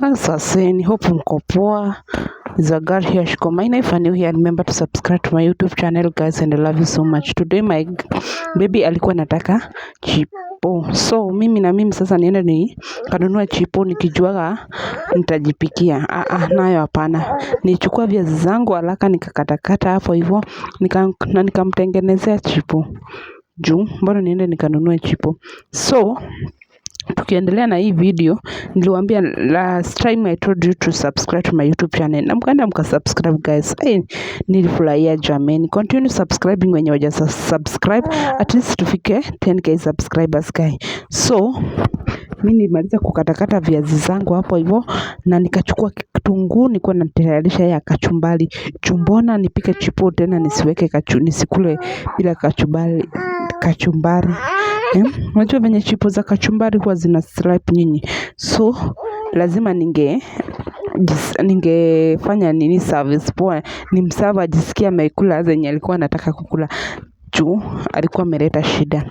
Asaseni, hope mko poa. It's a girl here, Shikoma. If you're new here, remember to subscribe to my YouTube channel, guys, and I love you so much. Today my baby alikuwa nataka chipo, so mimi na mimi sasa niende ni kanunua chipo nikijuaga nitajipikia. Ah, ah, nayo hapana. Nichukua viazi zangu haraka nikakatakata hapo hivyo nika, na nikamtengenezea chipo juu, mbona niende nikanunua chipo so tukiendelea na hii video niliwaambia last time I told you to subscribe to my YouTube channel na mkaenda mkasubscribe guys. Hey, nilifurahia jameni, continue subscribing wenye waja subscribe, at least tufike 10k subscribers guys. So mimi nilimaliza kukatakata viazi zangu hapo hivyo, na nikachukua kitunguu, nilikuwa natayarisha ya kachumbari. Chumbona nipike chipo tena, nisiweke kachu, nisikule bila kachumbari kachumbari yake eh, unajua venye chipo za kachumbari huwa zina stripe nyinyi. so lazima ninge ningefanya nini service poa msava ajisikie amekula zenye alikuwa anataka kukula juu alikuwa ameleta shida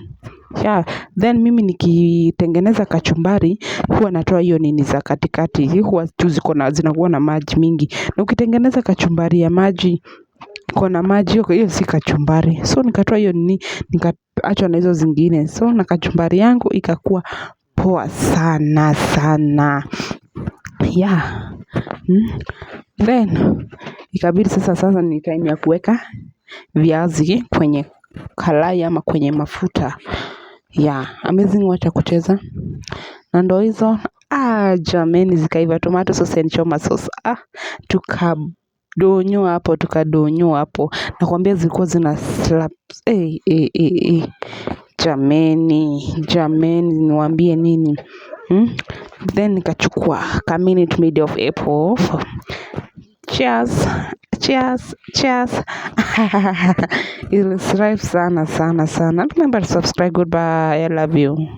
yeah. Then mimi nikitengeneza kachumbari huwa natoa hiyo nini za katikati huwa tu ziko na zinakuwa na maji mingi na ukitengeneza kachumbari ya maji iko na maji hiyo si kachumbari so nikatoa hiyo nini nika achwa na hizo zingine so na kachumbari yangu ikakuwa poa sana sana yeah hmm. then ikabidi sasa sasa ni time ya kuweka viazi kwenye kalai ama kwenye mafuta yeah amazing wacha kucheza na ndo hizo ah jameni zikaiva tomato sauce and choma sauce ah tukab Donyo hapo, tukadonyo hapo. Nakwambia zilikuwa zina slap. Hey, eh, eh, hey, eh, hey, hey. Jameni, jameni, niwaambie nini? Hmm? Then nikachukua ka minute made of apple. Cheers, cheers, cheers. Ilisrive sana sana sana. Remember to subscribe. Goodbye. I love you.